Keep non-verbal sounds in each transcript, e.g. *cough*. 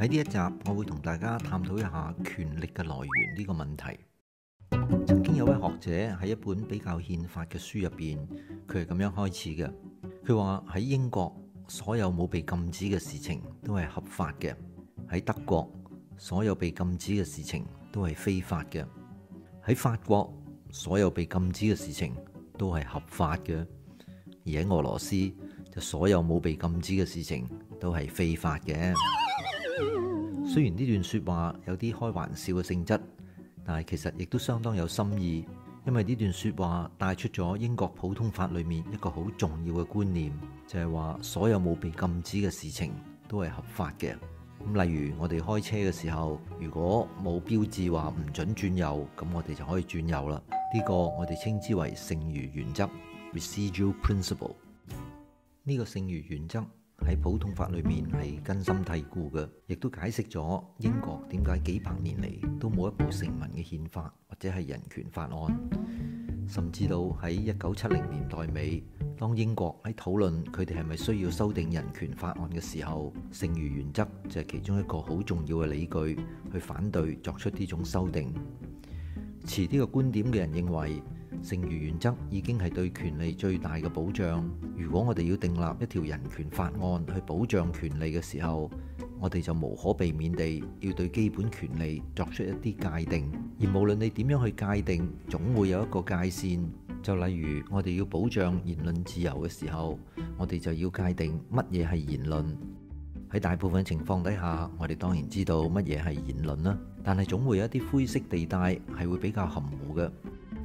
喺呢一集，我會同大家探討一下權力嘅來源呢個問題。曾經有位學者喺一本比較憲法嘅書入邊，佢係咁樣開始嘅。佢話喺英國，所有冇被禁止嘅事情都係合法嘅；喺德國，所有被禁止嘅事情都係非法嘅；喺法國，所有被禁止嘅事情都係合法嘅；而喺俄羅斯，就所有冇被禁止嘅事情都係非法嘅。雖然呢段說話有啲開玩笑嘅性質，但係其實亦都相當有深意，因為呢段說話帶出咗英國普通法裏面一個好重要嘅觀念，就係、是、話所有冇被禁止嘅事情都係合法嘅。咁例如我哋開車嘅時候，如果冇標誌話唔准轉右，咁我哋就可以轉右啦。呢、這個我哋稱之為剩餘原則 r e s i d u a principle）。呢、 *noise* 這個剩餘原則。這個喺普通法裏面係根深蒂固嘅，亦都解釋咗英國點解幾百年嚟都冇一部成文嘅憲法或者係人權法案，甚至到喺一九七零年代尾，當英國喺討論佢哋係咪需要修訂人權法案嘅時候，剩餘原則就係其中一個好重要嘅理據去反對作出呢種修訂。持呢個觀點嘅人認為，剩餘原則已經係對權利最大嘅保障。如果我哋要訂立一條人權法案去保障權利嘅時候，我哋就無可避免地要對基本權利作出一啲界定。而無論你點樣去界定，總會有一個界線。就例如我哋要保障言論自由嘅時候，我哋就要界定乜嘢係言論。喺大部分情況底下，我哋當然知道乜嘢係言論啦。但係總會有一啲灰色地帶係會比較含糊嘅。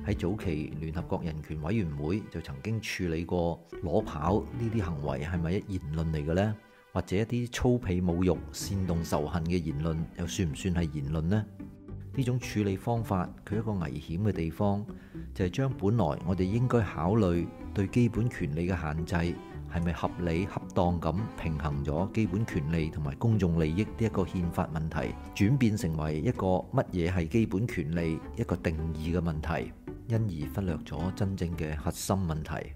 喺早期聯合國人權委員會就曾經處理過裸跑呢啲行為係咪一言論嚟嘅咧？或者一啲粗鄙侮辱、煽動仇恨嘅言論又算唔算係言論呢？呢種處理方法佢一個危險嘅地方就係、是、將本來我哋應該考慮對基本權利嘅限制係咪合理恰當，咁平衡咗基本權利同埋公眾利益呢一個憲法問題轉變成為一個乜嘢係基本權利一個定義嘅問題。因而忽略咗真正嘅核心問題。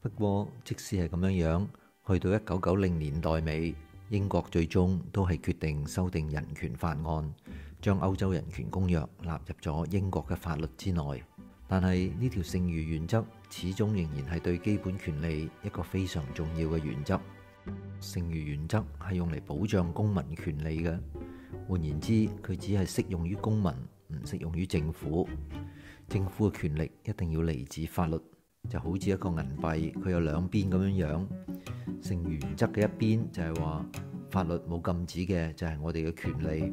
不過，即使係咁樣樣，去到一九九零年代尾，英國最終都係決定修訂人權法案，將歐洲人權公約納入咗英國嘅法律之內。但係呢條剩餘原則始終仍然係對基本權利一個非常重要嘅原則。剩餘原則係用嚟保障公民權利嘅，換言之，佢只係適用於公民，唔適用於政府。政府嘅權力一定要嚟自法律，就好似一個銀幣，佢有兩邊咁樣樣，成原則嘅一邊就係話法律冇禁止嘅就係我哋嘅權利；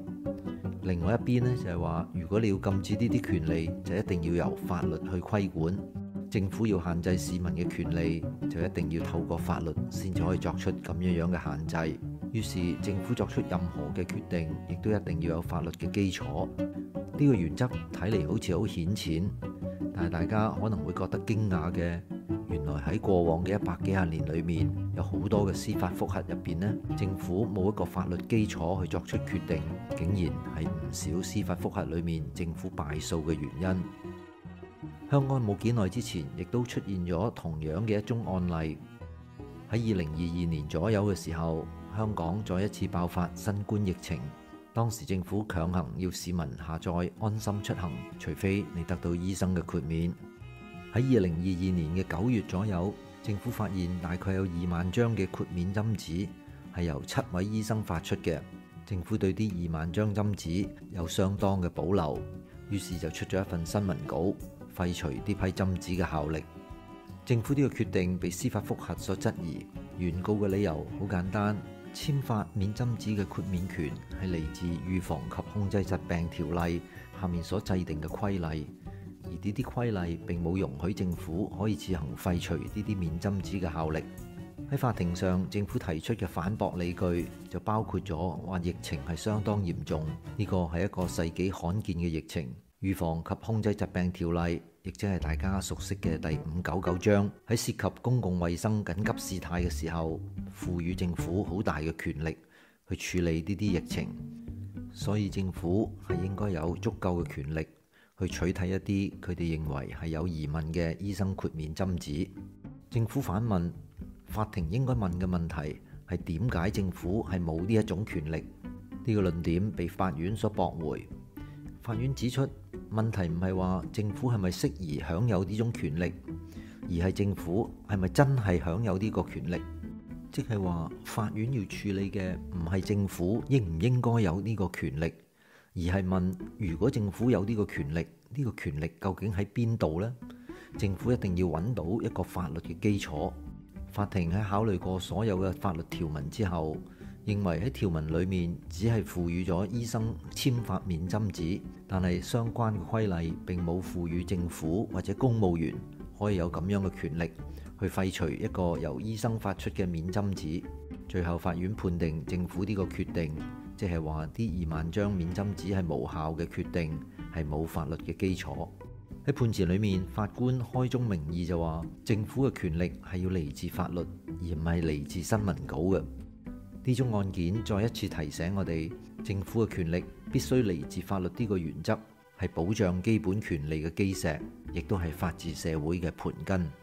另外一邊呢，就係話，如果你要禁止呢啲權利，就一定要由法律去規管。政府要限制市民嘅權利，就一定要透過法律先至可以作出咁樣樣嘅限制。於是政府作出任何嘅決定，亦都一定要有法律嘅基礎。呢個原則睇嚟好似好顯淺，但係大家可能會覺得驚訝嘅，原來喺過往嘅一百幾十年裏面，有好多嘅司法覆核入邊呢，政府冇一個法律基礎去作出決定，竟然係唔少司法覆核裏面政府敗訴嘅原因。香港冇幾耐之前，亦都出現咗同樣嘅一宗案例，喺二零二二年左右嘅時候，香港再一次爆發新冠疫情。當時政府強行要市民下載安心出行，除非你得到醫生嘅豁免。喺二零二二年嘅九月左右，政府發現大概有二萬張嘅豁免針紙係由七位醫生發出嘅。政府對啲二萬張針紙有相當嘅保留，於是就出咗一份新聞稿，廢除呢批針紙嘅效力。政府呢個決定被司法復核所質疑，原告嘅理由好簡單。簽發免針紙嘅豁免權係嚟自《預防及控制疾病條例》下面所制定嘅規例，而呢啲規例並冇容許政府可以自行廢除呢啲免針紙嘅效力。喺法庭上，政府提出嘅反駁理據就包括咗話疫情係相當嚴重，呢個係一個世紀罕見嘅疫情。《預防及控制疾病條例》。亦即係大家熟悉嘅第五九九章，喺涉及公共衛生緊急事態嘅時候，賦予政府好大嘅權力去處理呢啲疫情，所以政府係應該有足夠嘅權力去取締一啲佢哋認為係有疑問嘅醫生豁免針紙。政府反問，法庭應該問嘅問題係點解政府係冇呢一種權力？呢個論點被法院所駁回。法院指出。問題唔係話政府係咪適宜享有呢種權力，而係政府係咪真係享有呢個權力？即係話法院要處理嘅唔係政府應唔應該有呢個權力，而係問如果政府有呢個權力，呢個權力究竟喺邊度呢？政府一定要揾到一個法律嘅基礎。法庭喺考慮過所有嘅法律條文之後，認為喺條文裏面只係賦予咗醫生簽發免針紙，但係相關規例並冇賦予政府或者公務員可以有咁樣嘅權力去廢除一個由醫生發出嘅免針紙。最後法院判定政府呢個決定，即係話啲二萬張免針紙係無效嘅決定，係冇法律嘅基礎。喺判詞裏面，法官開宗明義就話：政府嘅權力係要嚟自法律，而唔係嚟自新聞稿嘅。呢種案件再一次提醒我哋，政府嘅權力必須嚟自法律呢個原則，係保障基本權利嘅基石，亦都係法治社會嘅盤根。